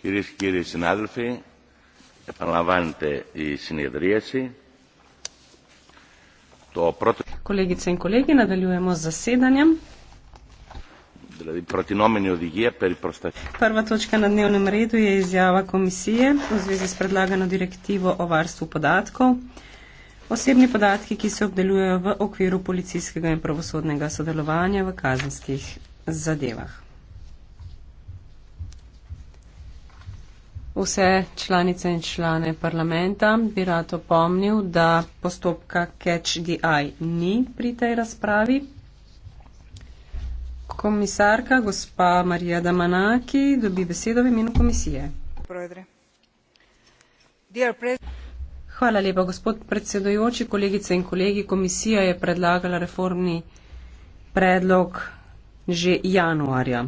Κυρίες και κύριοι συνάδελφοι, επαναλαμβάνετε η συνεδρίαση. Το πρώτο... Κολέγοι και κολέγοι, να δελειώμε ως ζασίδανια. Δηλαδή, προτινόμενη οδηγία περί προστασίας. Πάρβα τόσκα να νέον εμρίτου η εζιάβα κομισίε, ως βίζεις προτλάγανο διρεκτίβο ο βάρστου ποδάτκο. Osebni podatki, ki se obdelujejo v okviru policijskega in pravosodnega sodelovanja v kazenskih zadevah. vse članice in člane parlamenta, bi rad opomnil, da postopka Catch the Eye ni pri tej razpravi. Komisarka, gospa Marija Damanaki, dobi besedo v imenu komisije. Hvala lepa, gospod predsedojoči, kolegice in kolegi. Komisija je predlagala reformni predlog že januarja.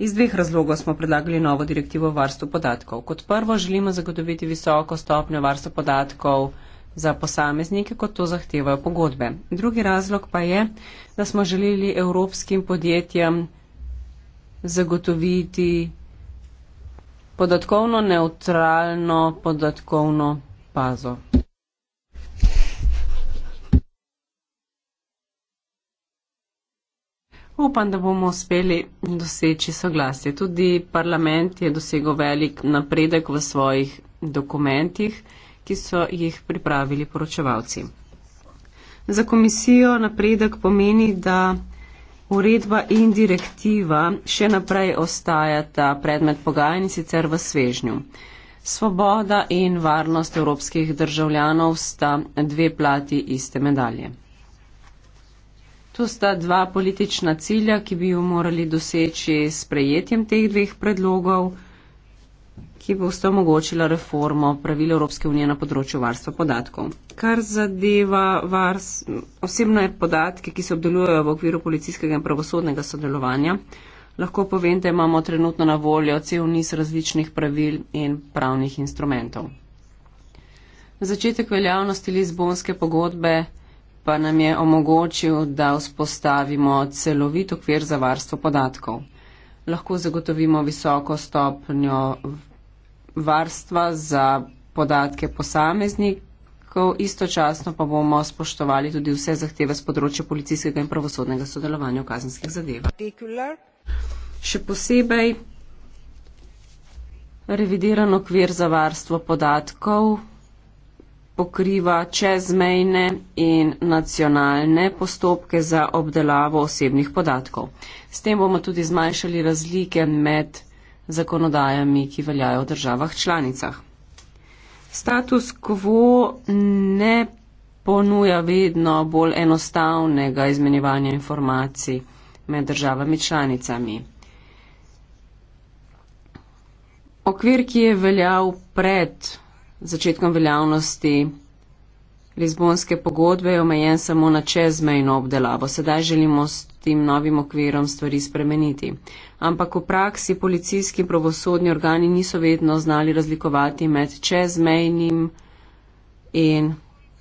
Iz dveh razlogov smo predlagali novo direktivo o varstvu podatkov. Kot prvo želimo zagotoviti visoko stopnjo varstva podatkov za posameznike, kot to zahtevajo pogodbe. Drugi razlog pa je, da smo želeli evropskim podjetjem zagotoviti podatkovno neutralno podatkovno bazo. Upam, da bomo uspeli doseči soglasje. Tudi parlament je dosegel velik napredek v svojih dokumentih, ki so jih pripravili poročevalci. Za komisijo napredek pomeni, da uredba in direktiva še naprej ostajata predmet pogajanj sicer v svežnju. Svoboda in varnost evropskih državljanov sta dve plati iste medalje. To sta dva politična cilja, ki bi jo morali doseči s prejetjem teh dveh predlogov, ki bo sta omogočila reformo pravil Evropske unije na področju varstva podatkov. Kar zadeva vars, osebne podatke, ki se obdelujejo v okviru policijskega in pravosodnega sodelovanja, lahko povem, da imamo trenutno na voljo cel niz različnih pravil in pravnih instrumentov. Začetek veljavnosti Lizbonske pogodbe pa nam je omogočil, da vzpostavimo celovit okvir za varstvo podatkov. Lahko zagotovimo visoko stopnjo varstva za podatke posameznikov, istočasno pa bomo spoštovali tudi vse zahteve z področja policijskega in pravosodnega sodelovanja v kazenskih zadevah. Še posebej revidiran okvir za varstvo podatkov pokriva čezmejne in nacionalne postopke za obdelavo osebnih podatkov. S tem bomo tudi zmanjšali razlike med zakonodajami, ki veljajo v državah članicah. Status quo ne ponuja vedno bolj enostavnega izmenjevanja informacij med državami članicami. Okvir, ki je veljal pred začetkom veljavnosti Lizbonske pogodbe je omejen samo na čezmejno obdelavo. Sedaj želimo s tem novim okvirom stvari spremeniti. Ampak v praksi policijski pravosodni organi niso vedno znali razlikovati med čezmejnim in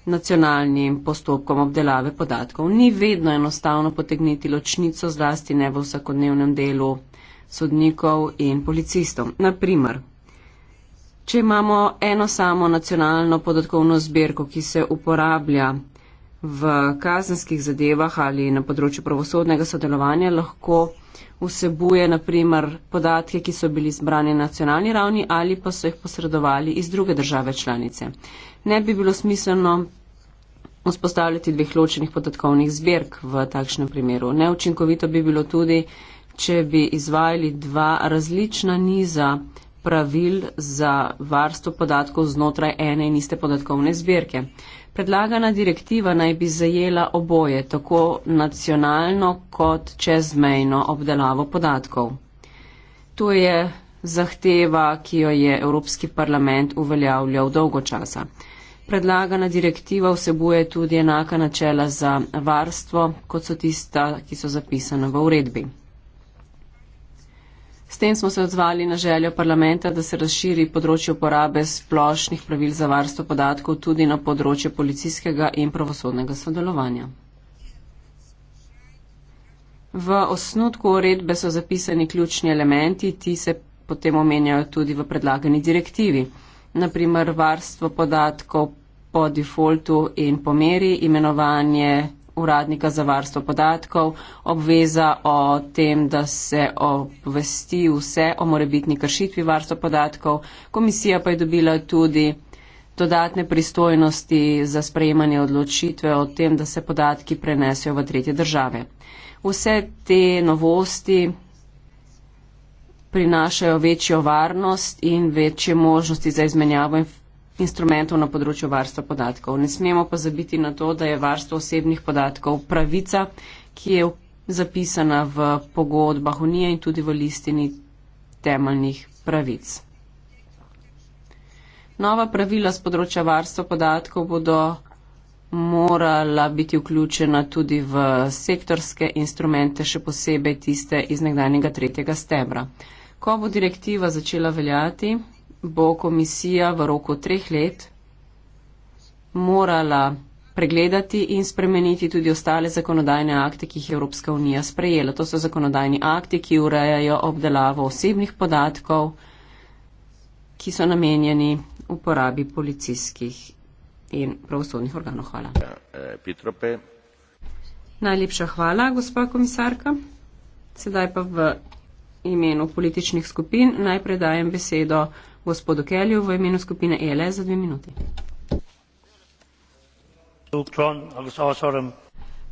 nacionalnim postopkom obdelave podatkov. Ni vedno enostavno potegniti ločnico, zlasti ne v vsakodnevnem delu sodnikov in policistov. Naprimer, če imamo eno samo nacionalno podatkovno zbirko, ki se uporablja v kazenskih zadevah ali na področju pravosodnega sodelovanja, lahko vsebuje naprimer podatke, ki so bili zbrani na nacionalni ravni ali pa so jih posredovali iz druge države članice. Ne bi bilo smiselno vzpostavljati dveh ločenih podatkovnih zbirk v takšnem primeru. Neučinkovito bi bilo tudi, če bi izvajali dva različna niza pravil za varstvo podatkov znotraj ene in iste podatkovne zbirke. Predlagana direktiva naj bi zajela oboje, tako nacionalno kot čezmejno obdelavo podatkov. To je zahteva, ki jo je Evropski parlament uveljavljal dolgo časa. Predlagana direktiva vsebuje tudi enaka načela za varstvo, kot so tista, ki so zapisana v uredbi. S tem smo se odzvali na željo parlamenta, da se razširi področje uporabe splošnih pravil za varstvo podatkov tudi na področje policijskega in pravosodnega sodelovanja. V osnutku uredbe so zapisani ključni elementi, ti se potem omenjajo tudi v predlagani direktivi. Naprimer, varstvo podatkov po defaultu in po meri, imenovanje uradnika za varstvo podatkov, obveza o tem, da se obvesti vse o morebitni kršitvi varstva podatkov. Komisija pa je dobila tudi dodatne pristojnosti za sprejemanje odločitve o tem, da se podatki prenesejo v tretje države. Vse te novosti prinašajo večjo varnost in večje možnosti za izmenjavo informacij instrumentov na področju varstva podatkov. Ne smemo pa zabiti na to, da je varstvo osebnih podatkov pravica, ki je zapisana v pogodbah Unije in tudi v listini temeljnih pravic. Nova pravila z področja varstva podatkov bodo morala biti vključena tudi v sektorske instrumente, še posebej tiste iz nekdanjega tretjega stebra. Ko bo direktiva začela veljati, bo komisija v roku treh let morala pregledati in spremeniti tudi ostale zakonodajne akte, ki jih je Evropska unija sprejela. To so zakonodajni akti, ki urejajo obdelavo osebnih podatkov, ki so namenjeni uporabi policijskih in pravosodnih organov. Hvala. Ja, eh, Petrope. Najlepša hvala, gospa komisarka. Sedaj pa v imenu političnih skupin najprej dajem besedo gospodu Kelju v imenu skupine ELE e za dve minuti.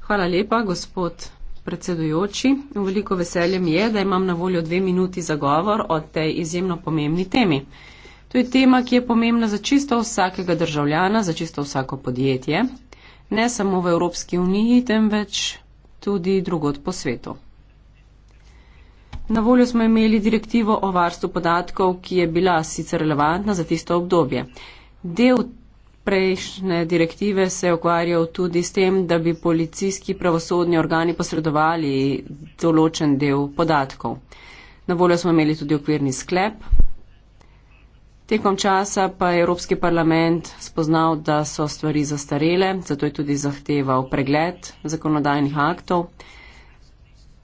Hvala lepa, gospod predsedujoči. Veliko veselje mi je, da imam na voljo dve minuti za govor o tej izjemno pomembni temi. To je tema, ki je pomembna za čisto vsakega državljana, za čisto vsako podjetje, ne samo v Evropski uniji, temveč tudi drugod po svetu. Na voljo smo imeli direktivo o varstvu podatkov, ki je bila sicer relevantna za tisto obdobje. Del prejšnje direktive se je ukvarjal tudi s tem, da bi policijski pravosodni organi posredovali določen del podatkov. Na voljo smo imeli tudi okvirni sklep. Tekom časa pa je Evropski parlament spoznal, da so stvari zastarele, zato je tudi zahteval pregled zakonodajnih aktov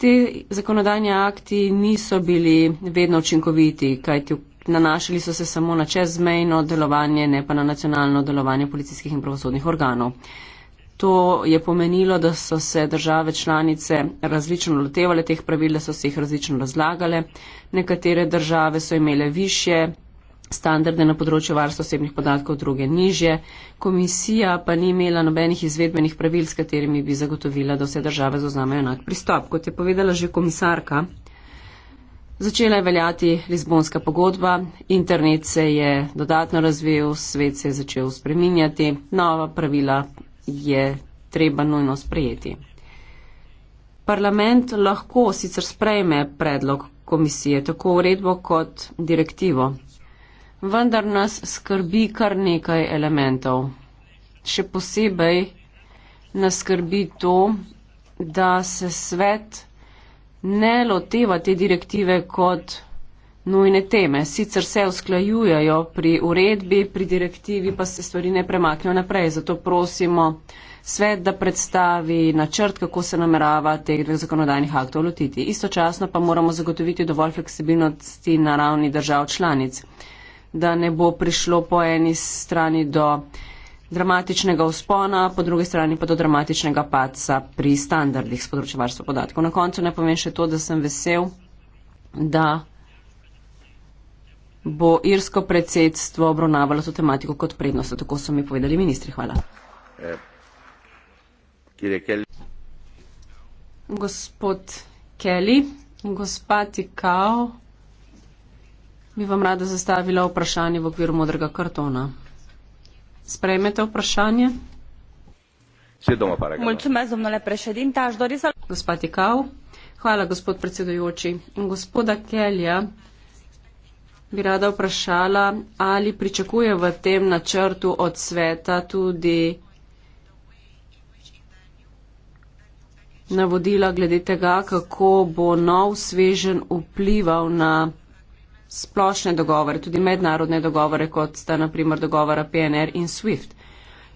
ti zakonodajni akti niso bili vedno učinkoviti, kajti nanašali so se samo na čezmejno delovanje, ne pa na nacionalno delovanje policijskih in pravosodnih organov. To je pomenilo, da so se države članice različno lotevale teh pravil, da so se jih različno razlagale. Nekatere države so imele više standarde na področju varstva osebnih podatkov druge nižje. Komisija pa ni imela nobenih izvedbenih pravil, s katerimi bi zagotovila, da vse države zaznamejo enak pristop. Kot je povedala že komisarka, začela je veljati Lizbonska pogodba, internet se je dodatno razvijal, svet se je začel spreminjati, nova pravila je treba nujno sprejeti. Parlament lahko sicer sprejme predlog komisije, tako uredbo kot direktivo, vendar nas skrbi kar nekaj elementov. Še posebej nas skrbi to, da se svet ne loteva te direktive kot nujne teme. Sicer se usklajujejo pri uredbi, pri direktivi pa se stvari ne premaknejo naprej. Zato prosimo svet, da predstavi načrt, kako se namerava teh dveh zakonodajnih aktov lotiti. Istočasno pa moramo zagotoviti dovolj fleksibilnosti na ravni držav članic da ne bo prišlo po eni strani do dramatičnega vzpona, po drugi strani pa do dramatičnega paca pri standardih z področja varstva podatkov. Na koncu ne povem še to, da sem vesel, da bo irsko predsedstvo obravnavalo to tematiko kot prednost. Tako so mi povedali ministri. Hvala. Gospod Kelly, gospa Tikao. Bi vam rada zastavila vprašanje v okviru modrega kartona. Sprejmete vprašanje? Gospod Tikal, hvala gospod predsedujoči. Gospoda Kelja bi rada vprašala, ali pričakuje v tem načrtu od sveta tudi navodila glede tega, kako bo nov svežen vplival na splošne dogovore, tudi mednarodne dogovore, kot sta naprimer dogovora PNR in SWIFT.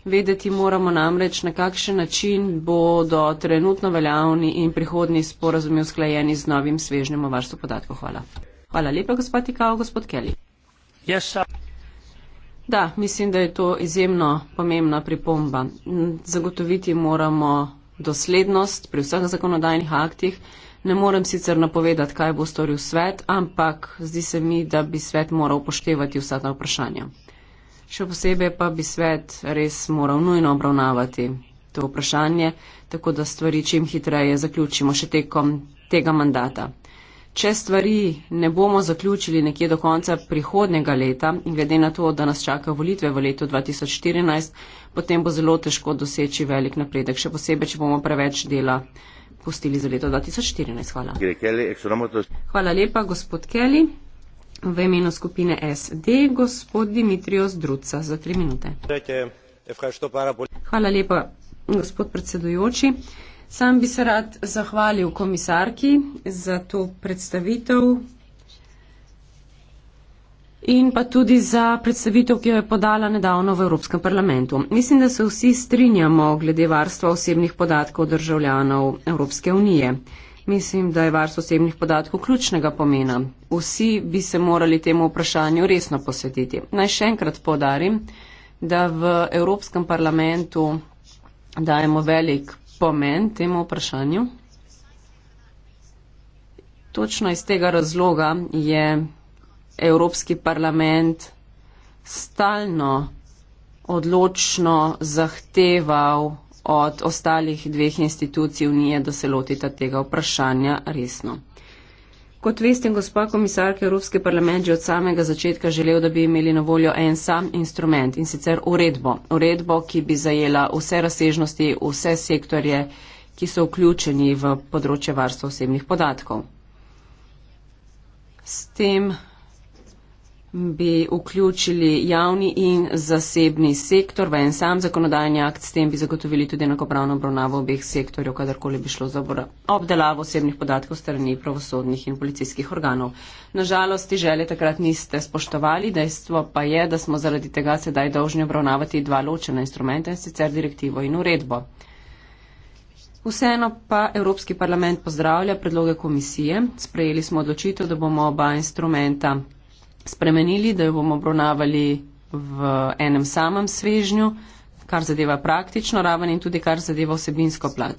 Vedeti moramo namreč, na kakšen način bodo trenutno veljavni in prihodni sporazumi usklajeni z novim svežnjem o varstvu podatkov. Hvala. Hvala lepa, gospod Tikao, gospod Kelly. Yes, da, mislim, da je to izjemno pomembna pripomba. Zagotoviti moramo doslednost pri vseh zakonodajnih aktih. Ne morem sicer napovedati, kaj bo storil svet, ampak zdi se mi, da bi svet moral upoštevati vsa ta vprašanja. Še posebej pa bi svet res moral nujno obravnavati to vprašanje, tako da stvari čim hitreje zaključimo še tekom tega mandata. Če stvari ne bomo zaključili nekje do konca prihodnega leta in glede na to, da nas čaka volitve v letu 2014, potem bo zelo težko doseči velik napredek, še posebej, če bomo preveč dela pustili za leto 2014. Hvala. Hvala lepa, gospod Kelly. V imenu skupine SD, gospod Dimitrios Druca, za tri minute. Hvala lepa, gospod predsedujoči. Sam bi se rad zahvalil komisarki za to predstavitev in pa tudi za predstavitev, ki jo je podala nedavno v Evropskem parlamentu. Mislim, da se vsi strinjamo glede varstva osebnih podatkov državljanov Evropske unije. Mislim, da je varstvo osebnih podatkov ključnega pomena. Vsi bi se morali temu vprašanju resno posvetiti. Naj še enkrat podarim, da v Evropskem parlamentu dajemo velik pomen temu vprašanju. Točno iz tega razloga je Evropski parlament stalno odločno zahteval od ostalih dveh institucij Unije, da se lotita tega vprašanja resno. Kot veste, gospa komisarka Evropske parlament je od samega začetka želel, da bi imeli na voljo en sam instrument in sicer uredbo. Uredbo, ki bi zajela vse razsežnosti, vse sektorje, ki so vključeni v področje varstva osebnih podatkov. S tem bi vključili javni in zasebni sektor v en sam zakonodajni akt, s tem bi zagotovili tudi enakopravno obravnavo obeh sektorjev, kadarkoli bi šlo za obdelavo osebnih podatkov strani pravosodnih in policijskih organov. Nažalost, ti želje takrat niste spoštovali, dejstvo pa je, da smo zaradi tega sedaj dolžni obravnavati dva ločena instrumenta in sicer direktivo in uredbo. Vseeno pa Evropski parlament pozdravlja predloge komisije. Sprejeli smo odločitev, da bomo oba instrumenta spremenili, da jo bomo obravnavali v enem samem svežnju, kar zadeva praktično raven in tudi kar zadeva osebinsko plat.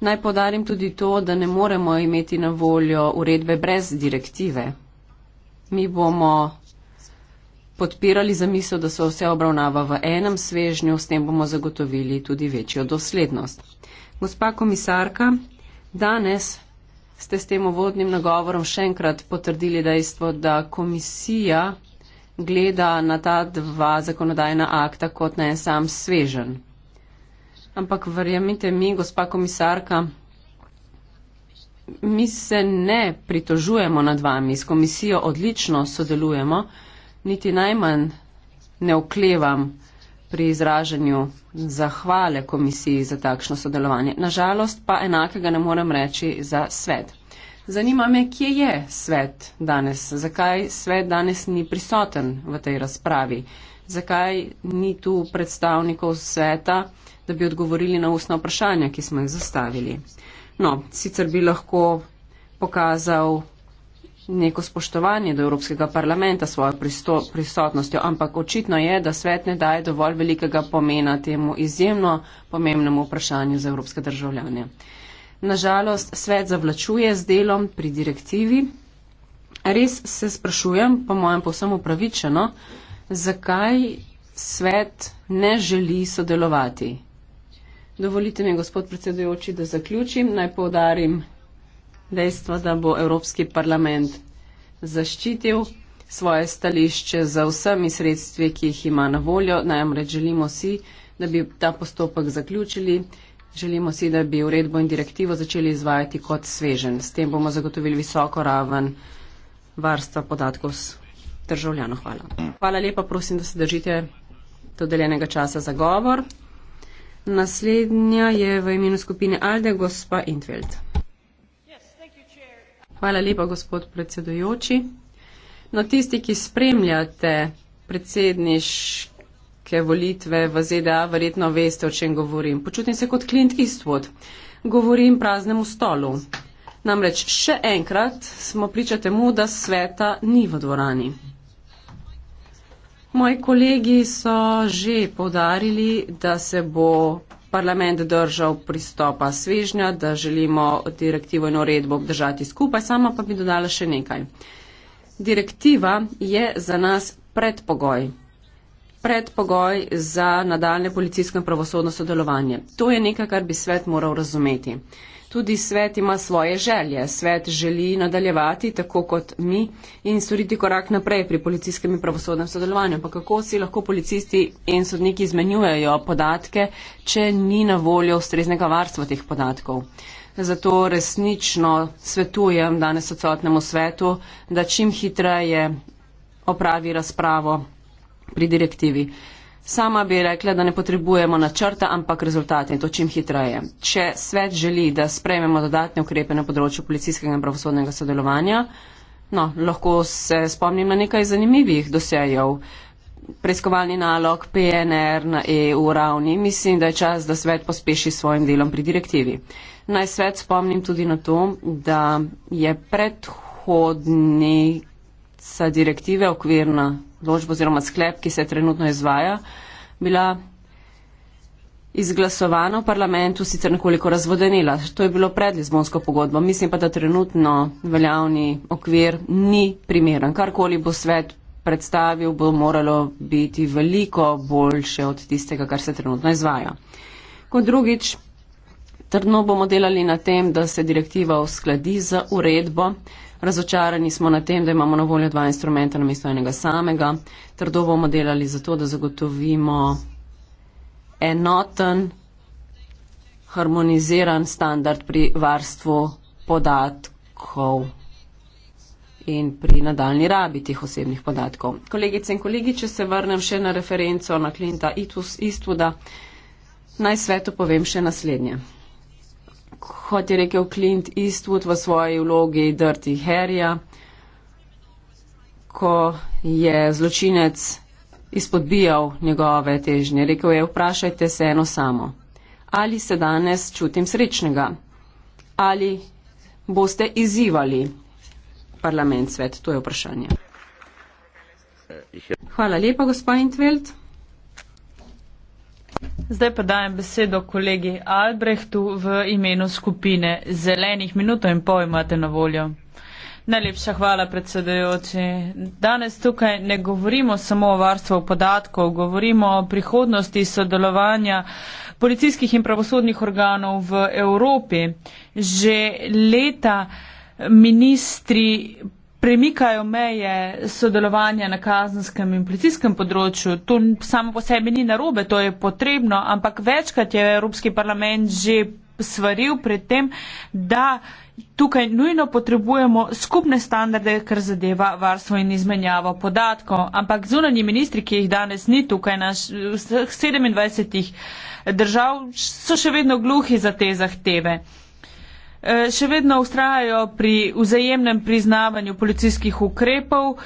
Naj podarim tudi to, da ne moremo imeti na voljo uredbe brez direktive. Mi bomo podpirali zamisel, da se vse obravnava v enem svežnju, s tem bomo zagotovili tudi večjo doslednost. Gospa komisarka, danes ste s tem uvodnim nagovorom še enkrat potrdili dejstvo, da komisija gleda na ta dva zakonodajna akta kot na en sam svežen. Ampak verjamite mi, gospa komisarka, mi se ne pritožujemo nad vami, s komisijo odlično sodelujemo, niti najmanj ne oklevam pri izražanju zahvale komisiji za takšno sodelovanje. Nažalost pa enakega ne morem reči za svet. Zanima me, kje je svet danes, zakaj svet danes ni prisoten v tej razpravi, zakaj ni tu predstavnikov sveta, da bi odgovorili na ustna vprašanja, ki smo jih zastavili. No, sicer bi lahko pokazal neko spoštovanje do Evropskega parlamenta svojo pristo, prisotnostjo, ampak očitno je, da svet ne daje dovolj velikega pomena temu izjemno pomembnemu vprašanju za evropske državljane. Nažalost, svet zavlačuje z delom pri direktivi. Res se sprašujem, po mojem povsem upravičeno, zakaj svet ne želi sodelovati. Dovolite mi, gospod predsedujoči, da zaključim. Naj povdarim, dejstvo, da bo Evropski parlament zaščitil svoje stališče za vsemi sredstvi, ki jih ima na voljo. Namreč želimo si, da bi ta postopek zaključili. Želimo si, da bi uredbo in direktivo začeli izvajati kot svežen. S tem bomo zagotovili visoko raven varstva podatkov državljanov. Hvala. Hvala lepa, prosim, da se držite dodeljenega časa za govor. Naslednja je v imenu skupine Alde gospa Intveld. Hvala lepa, gospod predsedujoči. No, tisti, ki spremljate predsedniške volitve v ZDA, verjetno veste, o čem govorim. Počutim se kot Clint Eastwood. Govorim praznemu stolu. Namreč še enkrat smo priča temu, da sveta ni v dvorani. Moji kolegi so že povdarili, da se bo parlament držal pristopa svežnja, da želimo direktivo in uredbo obdržati skupaj, sama pa bi dodala še nekaj. Direktiva je za nas predpogoj. Predpogoj za nadaljne policijsko in pravosodno sodelovanje. To je nekaj, kar bi svet moral razumeti. Tudi svet ima svoje želje. Svet želi nadaljevati tako kot mi in storiti korak naprej pri policijskem in pravosodnem sodelovanju. Pa kako si lahko policisti in sodniki izmenjujejo podatke, če ni na voljo ustreznega varstva teh podatkov? Zato resnično svetujem danes odsotnemu svetu, da čim hitreje opravi razpravo pri direktivi. Sama bi rekla, da ne potrebujemo načrta, ampak rezultate in to čim hitreje. Če svet želi, da sprejmemo dodatne ukrepe na področju policijskega in pravosodnega sodelovanja, no, lahko se spomnim na nekaj zanimivih dosejev. Preiskovalni nalog PNR na EU ravni, mislim, da je čas, da svet pospeši s svojim delom pri direktivi. Naj svet spomnim tudi na to, da je predhodnik sa direktive okvirna odločba oziroma sklep, ki se trenutno izvaja, bila izglasovana v parlamentu, sicer nekoliko razvodenila. To je bilo pred Lizbonsko pogodbo. Mislim pa, da trenutno veljavni okvir ni primeren. Karkoli bo svet predstavil, bo moralo biti veliko boljše od tistega, kar se trenutno izvaja. Kot drugič, trdno bomo delali na tem, da se direktiva uskladi za uredbo Razočarani smo na tem, da imamo na voljo dva instrumenta na mesto enega samega. Trdo bomo delali zato, da zagotovimo enoten, harmoniziran standard pri varstvu podatkov in pri nadaljni rabi teh osebnih podatkov. Kolegice in kolegi, če se vrnem še na referenco na Klinta Itus Istvuda, naj svetu povem še naslednje kot je rekel Clint Eastwood v svoji vlogi Dirty Harryja, ko je zločinec izpodbijal njegove težnje. Rekel je, vprašajte se eno samo. Ali se danes čutim srečnega? Ali boste izzivali parlament svet? To je vprašanje. Eh, Hvala lepa, gospod Intveld. Zdaj pa dajem besedo kolegi Albrehtu v imenu skupine Zelenih. Minuto in pol imate na voljo. Najlepša hvala, predsedajoči. Danes tukaj ne govorimo samo o varstvu podatkov, govorimo o prihodnosti sodelovanja policijskih in pravosodnih organov v Evropi. Že leta ministri premikajo meje sodelovanja na kazenskem in policijskem področju. To samo po sebi ni narobe, to je potrebno, ampak večkrat je Evropski parlament že svaril pred tem, da tukaj nujno potrebujemo skupne standarde, kar zadeva varstvo in izmenjavo podatkov. Ampak zunanji ministri, ki jih danes ni tukaj, naš, vseh 27 držav, so še vedno gluhi za te zahteve. Eh, še vedno ustrajajo pri vzajemnem priznavanju policijskih ukrepov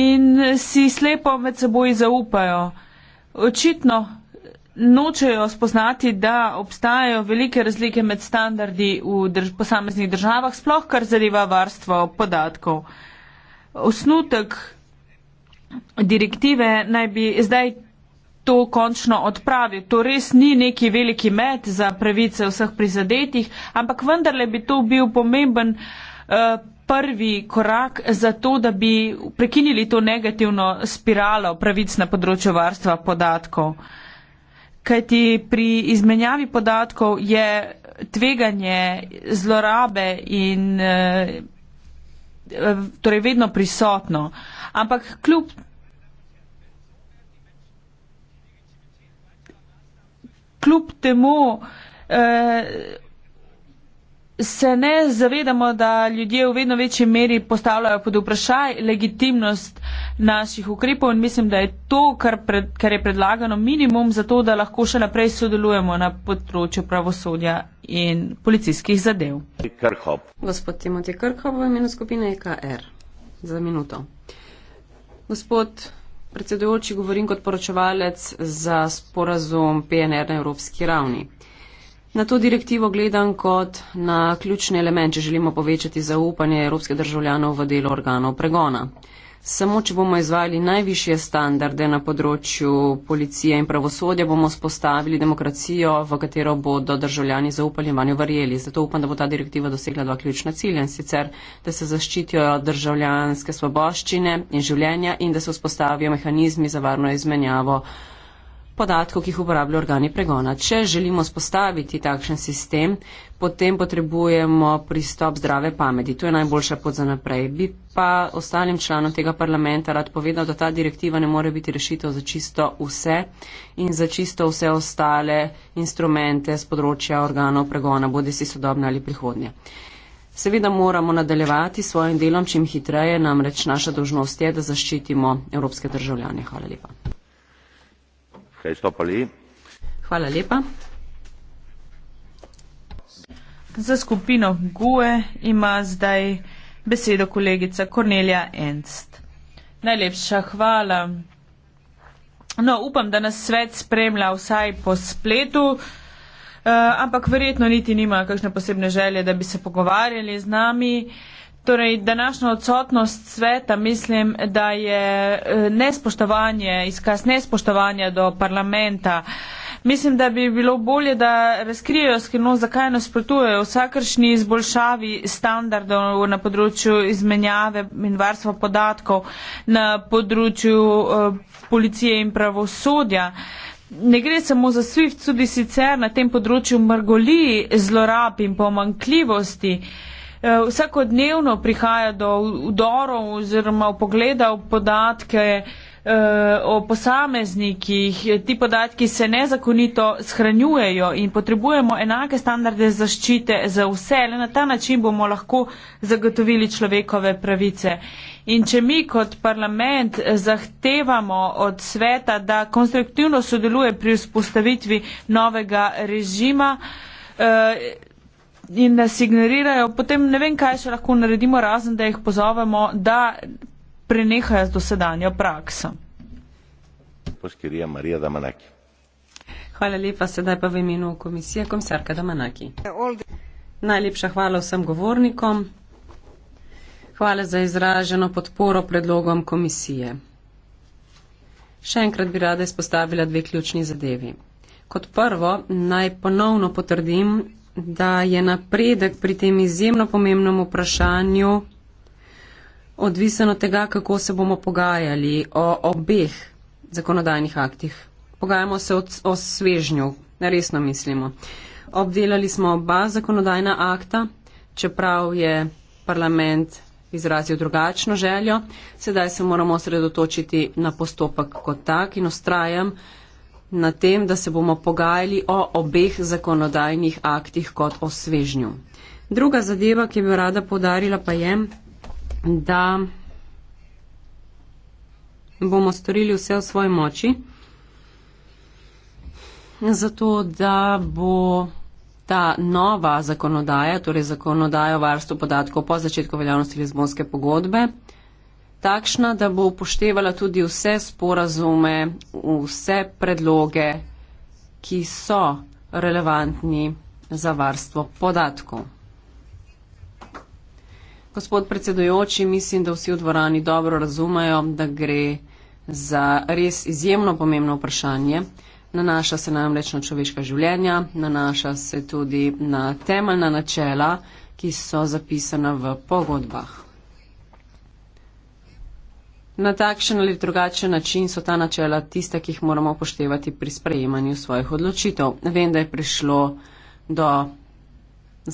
in si slepo med seboj zaupajo. Očitno nočejo spoznati, da obstajajo velike razlike med standardi v drž posameznih državah, sploh kar zadeva varstvo podatkov. Osnutek direktive naj bi zdaj to končno odpravil. To res ni neki veliki med za pravice vseh prizadetih, ampak vendarle bi to bil pomemben eh, prvi korak za to, da bi prekinili to negativno spiralo pravic na področju varstva podatkov. Kajti pri izmenjavi podatkov je tveganje zlorabe in eh, torej vedno prisotno. Ampak kljub kljub temu eh, se ne zavedamo, da ljudje v vedno večji meri postavljajo pod vprašaj legitimnost naših ukrepov in mislim, da je to, kar, pred, kar je predlagano, minimum za to, da lahko še naprej sodelujemo na področju pravosodja in policijskih zadev. Krhop. Gospod Timotej Krhov v imenu skupine EKR. Za minuto. Gospod predsedujoči, govorim kot poročevalec za sporazum PNR na evropski ravni. Na to direktivo gledam kot na ključni element, če želimo povečati zaupanje evropskih državljanov v delo organov pregona. Samo, če bomo izvajali najvišje standarde na področju policije in pravosodja, bomo spostavili demokracijo, v katero bodo državljani zaupali in vanjo verjeli. Zato upam, da bo ta direktiva dosegla dva ključna cilja in sicer, da se zaščitijo državljanske svoboščine in življenja in da se vzpostavijo mehanizmi za varno izmenjavo podatkov, ki jih uporabljajo organi pregona. Če želimo spostaviti takšen sistem, potem potrebujemo pristop zdrave pameti. To je najboljša pot za naprej. Bi pa ostalim članom tega parlamenta rad povedal, da ta direktiva ne more biti rešitev za čisto vse in za čisto vse ostale instrumente z področja organov pregona, bodi si sodobne ali prihodnje. Seveda moramo nadaljevati s svojim delom čim hitreje, namreč naša dožnost je, da zaščitimo evropske državljane. Hvala lepa. Za skupino GUE ima zdaj besedo kolegica Kornelija Enst. Najlepša hvala. No, upam, da nas svet spremlja vsaj po spletu, eh, ampak verjetno niti nima kakšne posebne želje, da bi se pogovarjali z nami. Eh, Torej, današnjo odsotnost sveta mislim, da je e, nespoštovanje, izkaz nespoštovanja do parlamenta. Mislim, da bi bilo bolje, da razkrijejo skrivnost, zakaj nasprotujejo vsakršni izboljšavi standardov na področju izmenjave in varstva podatkov na področju eh, policije in pravosodja. Ne gre samo za SWIFT, tudi sicer na tem področju mrgoli zlorab in pomankljivosti. Eh, Eh, vsakodnevno prihaja do udorov oziroma pogleda v podatke eh, o posameznikih. Ti podatki se nezakonito shranjujejo in potrebujemo enake standarde zaščite za vse. Le na ta način bomo lahko zagotovili človekove pravice. In če mi kot parlament zahtevamo od sveta, da konstruktivno sodeluje pri vzpostavitvi novega režima, eh, in nas ignorirajo, potem ne vem, kaj še lahko naredimo, razen da jih pozovemo, da prenehajo z dosedanjo prakso. Poskirija Marija Damanaki. Hvala lepa, sedaj pa v imenu komisije komisarka Damanaki. Najlepša hvala vsem govornikom. Hvala za izraženo podporo predlogom komisije. Še enkrat bi rada izpostavila dve ključni zadevi. Kot prvo, naj ponovno potrdim da je napredek pri tem izjemno pomembnem vprašanju odvisen od tega, kako se bomo pogajali o obeh zakonodajnih aktih. Pogajamo se o, o svežnju, resno mislimo. Obdelali smo oba zakonodajna akta, čeprav je parlament izrazil drugačno željo, sedaj se moramo osredotočiti na postopek kot tak in ustrajam, na tem, da se bomo pogajali o obeh zakonodajnih aktih kot o svežnju. Druga zadeva, ki bi jo rada podarila, pa je, da bomo storili vse v svoji moči, zato da bo ta nova zakonodaja, torej zakonodaja o varstvu podatkov po začetku veljavnosti Lizbonske pogodbe, takšna, da bo upoštevala tudi vse sporazume, vse predloge, ki so relevantni za varstvo podatkov. Gospod predsedujoči, mislim, da vsi v dvorani dobro razumejo, da gre za res izjemno pomembno vprašanje. Nanaša se namreč na človeška življenja, nanaša se tudi na temeljna načela, ki so zapisana v pogodbah. Na takšen ali drugačen način so ta načela tiste, ki jih moramo upoštevati pri sprejemanju svojih odločitev. Vem, da je prišlo do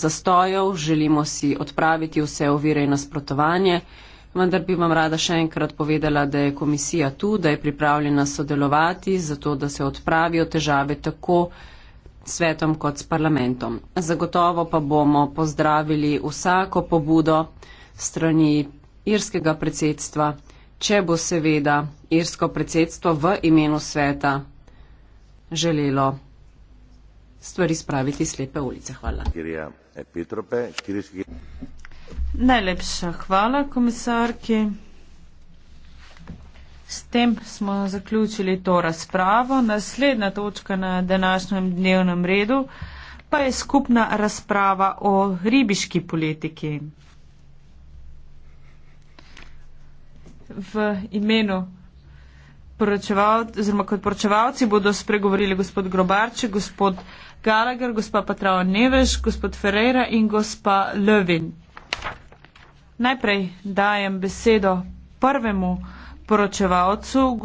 zastojev, želimo si odpraviti vse ovire in nasprotovanje, vendar bi vam rada še enkrat povedala, da je komisija tu, da je pripravljena sodelovati, zato da se odpravijo težave tako svetom kot s parlamentom. Zagotovo pa bomo pozdravili vsako pobudo strani irskega predsedstva če bo seveda irsko predsedstvo v imenu sveta želelo stvari spraviti slepe ulice. Hvala. Najlepša hvala, komisarki. S tem smo zaključili to razpravo. Naslednja točka na današnjem dnevnem redu pa je skupna razprava o ribiški politiki. v imenu poročevalcev, oziroma kot poročevalci bodo spregovorili gospod Grobarče, gospod Gallagher, gospa Patrao Neveš, gospod Ferreira in gospa Lövin. Najprej dajem besedo prvemu poročevalcu.